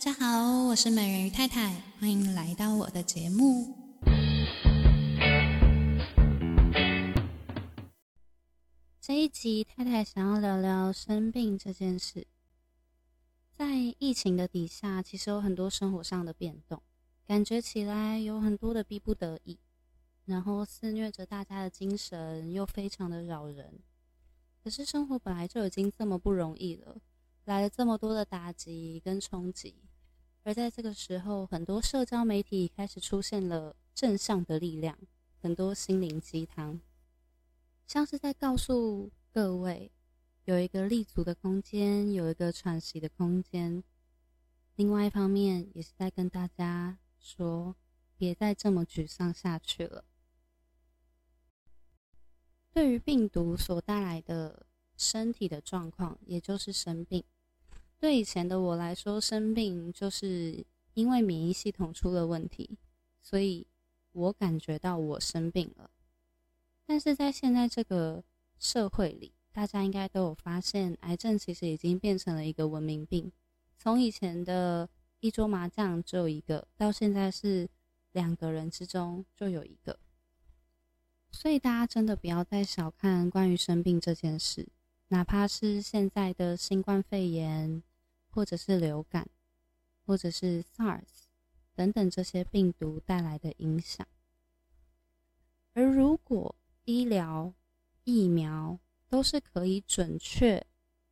大家好，我是美人魚太太，歡迎來到我的節目。這一集太太想要聊聊生病這件事，在疫情的底下，其實有很多生活上的變動，感覺起來有很多的逼不得已，然後肆虐着大家的精神，又非常的擾人。可是生活本來就已經這麼不容易了，來了這麼多的打擊跟衝擊。而在這個時候，很多社交媒體開始出現了正向的力量，很多心靈雞湯，像是在告訴各位，有一個立足的空間，有一個喘息的空間。另外一方面，也是在跟大家說，別再這麼沮喪下去了。對於病毒所帶來的身體的狀況，也就是生病。對以前的我來說，生病就是因為免疫系統出了問題，所以我感覺到我生病了。但是在現在這個社會裡，大家應該都有發現，癌症其實已經變成了一個文明病。從以前的一桌麻將只有一個，到現在是兩個人之中就有一個，所以大家真的不要再小看關於生病這件事。哪怕是現在的新冠肺炎，或者是流感，或者是 SARS 等等這些病毒帶來的影響，而如果醫療疫苗都是可以準確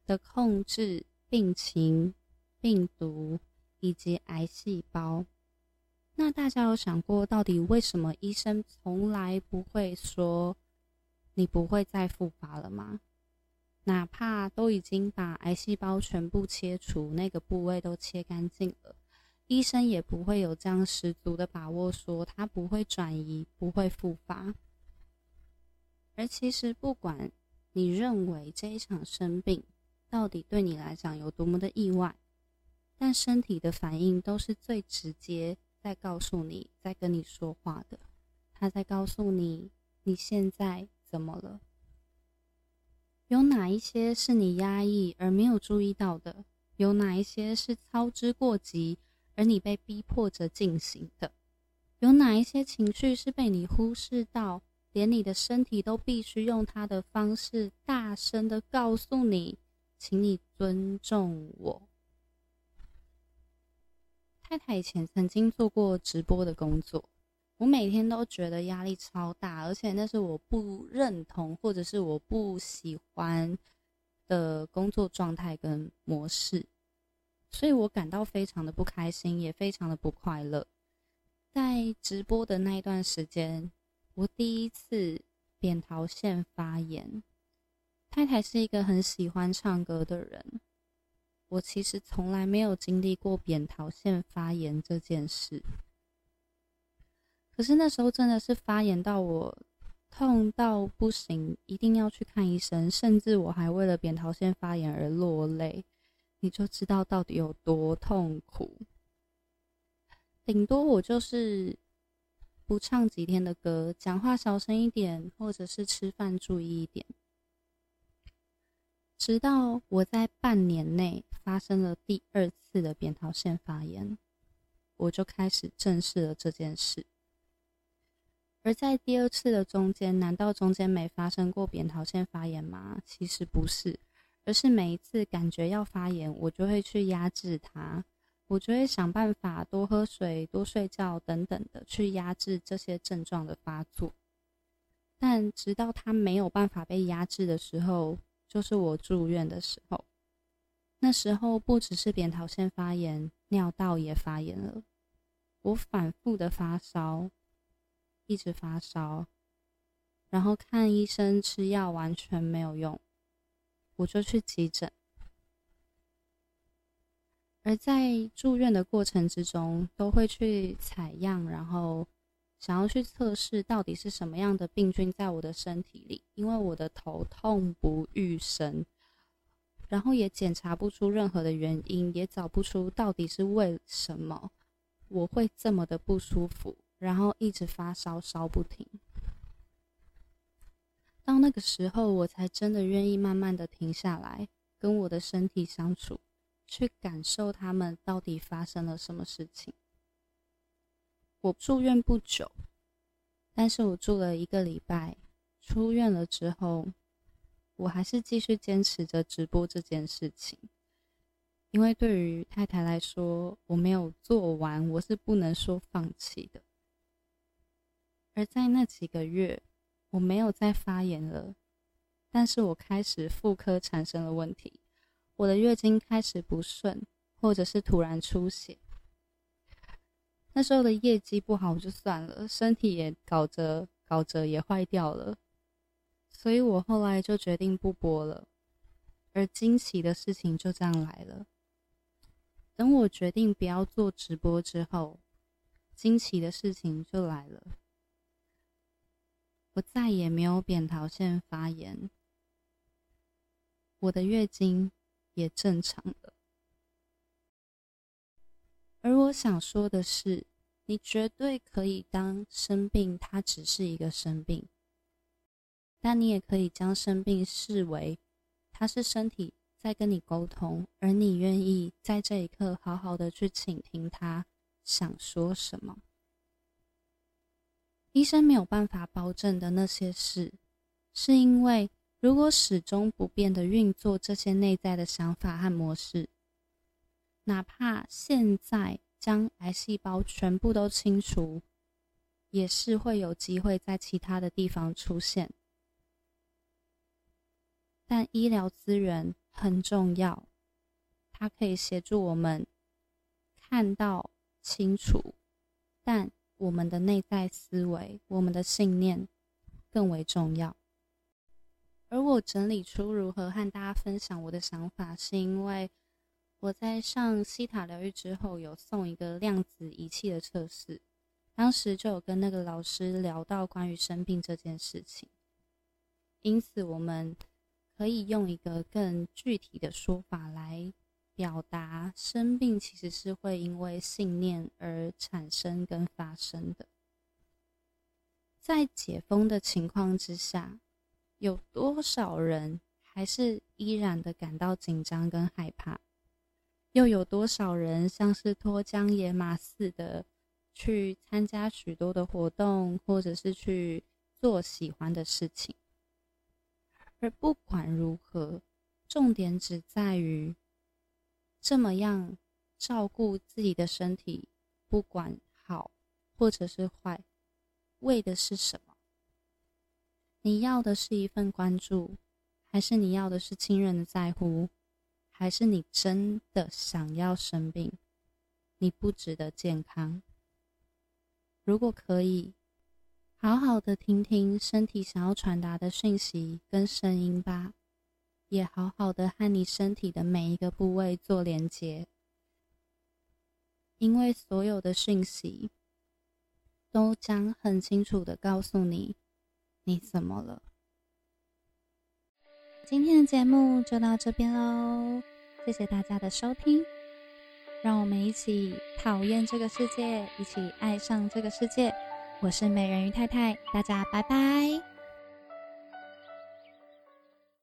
的控制病情、病毒以及癌細胞，那大家有想過到底為什麼醫生從來不會說你不會再復發了嗎？哪怕都已經把癌細胞全部切除，那個部位都切乾淨了，醫生也不會有這樣十足的把握說他不會轉移、不會復發。而其實，不管你認為這一場生病到底對你來講有多麼的意外，但身體的反應都是最直接在告訴你、在跟你說話的，他在告訴你你現在怎麼了。有哪一些是你壓抑而沒有注意到的？有哪一些是操之過急而你被逼迫着進行的？有哪一些情緒是被你忽視到，連你的身體都必須用它的方式大聲的告訴你，請你尊重我。太太以前曾經做過直播的工作。我每天都覺得壓力超大，而且那是我不認同或者是我不喜歡的工作狀態跟模式，所以我感到非常的不開心，也非常的不快樂。在直播的那一段時間，我第一次扁桃腺發炎。太太是一個很喜歡唱歌的人，我其實從來沒有經歷過扁桃腺發炎這件事。可是那時候真的是發炎到我痛到不行，一定要去看醫生，甚至我還為了扁桃腺發炎而落淚，你就知道到底有多痛苦。頂多我就是不唱幾天的歌，講話小聲一點，或者是吃飯注意一點。直到我在半年內發生了第二次的扁桃腺發炎，我就開始正視了這件事。而在第二次的中間，難道中間沒發生過扁桃腺發炎嗎？其實不是，而是每一次感覺要發炎，我就會去壓制它，我就會想辦法多喝水、多睡覺等等的去壓制這些症狀的發作。但直到它沒有辦法被壓制的時候，就是我住院的時候，那時候不只是扁桃腺發炎，尿道也發炎了，我反覆的發燒。一直發燒，然後看醫生吃藥完全沒有用，我就去急診。而在住院的過程之中，都會去採樣，然後想要去測試到底是什麼樣的病菌在我的身體裡，因為我的頭痛不欲生，然後也檢查不出任何的原因，也找不出到底是為什麼我會這麼的不舒服。然後一直發燒，燒不停。到那個時候，我才真的願意慢慢的停下來，跟我的身體相處，去感受他們到底發生了什麼事情。我住院不久，但是我住了一個禮拜，出院了之後，我還是繼續堅持着直播這件事情，因為對於太太來說，我沒有做完，我是不能說放棄的。而在那幾個月，我沒有再發炎了，但是我開始婦科產生了問題，我的月經開始不順，或者是突然出血。那時候的業績不好就算了，身體也搞着搞着也壞掉了，所以我後來就決定不播了。而驚奇的事情就這樣來了。等我決定不要做直播之後，驚奇的事情就來了。我再也沒有扁桃腺發炎，我的月經也正常了。而我想說的是，你絕對可以當生病，它只是一個生病；但你也可以將生病視為，它是身體在跟你溝通，而你願意在這一刻好好的去傾聽它想說什麼。醫生沒有辦法保證的那些事，是因為如果始終不變的運作，這些內在的想法和模式，哪怕現在將癌細胞全部都清除，也是會有機會在其他的地方出現。但醫療資源很重要，它可以協助我們看到清楚，但。我們的內在思維、我們的信念，更為重要。而我整理出如何和大家分享我的想法，是因為我在上西塔療愈之後，有送一個量子儀器的測試，當時就有跟那個老師聊到關於生病這件事情，因此我們可以用一個更具體的說法來。表達生病其實是會因為信念而產生跟發生的。在解封的情況之下，有多少人還是依然的感到緊張跟害怕？又有多少人像是脫韁野馬似的去參加許多的活動，或者是去做喜歡的事情？而不管如何，重點只在於。怎麼樣照顧自己的身體，不管好或者是壞，為的是什麼？你要的是一份關注，還是你要的是親人的在乎，還是你真的想要生病？你不值得健康。如果可以，好好的聽聽身體想要傳達的訊息跟聲音吧。也好好的和你身體的每一個部位做連接，因為所有的訊息都將很清楚的告訴你，你怎麼了。今天的節目就到這邊嘍，謝謝大家的收聽，讓我們一起討厭這個世界，一起愛上這個世界。我是美人魚太太，大家拜拜。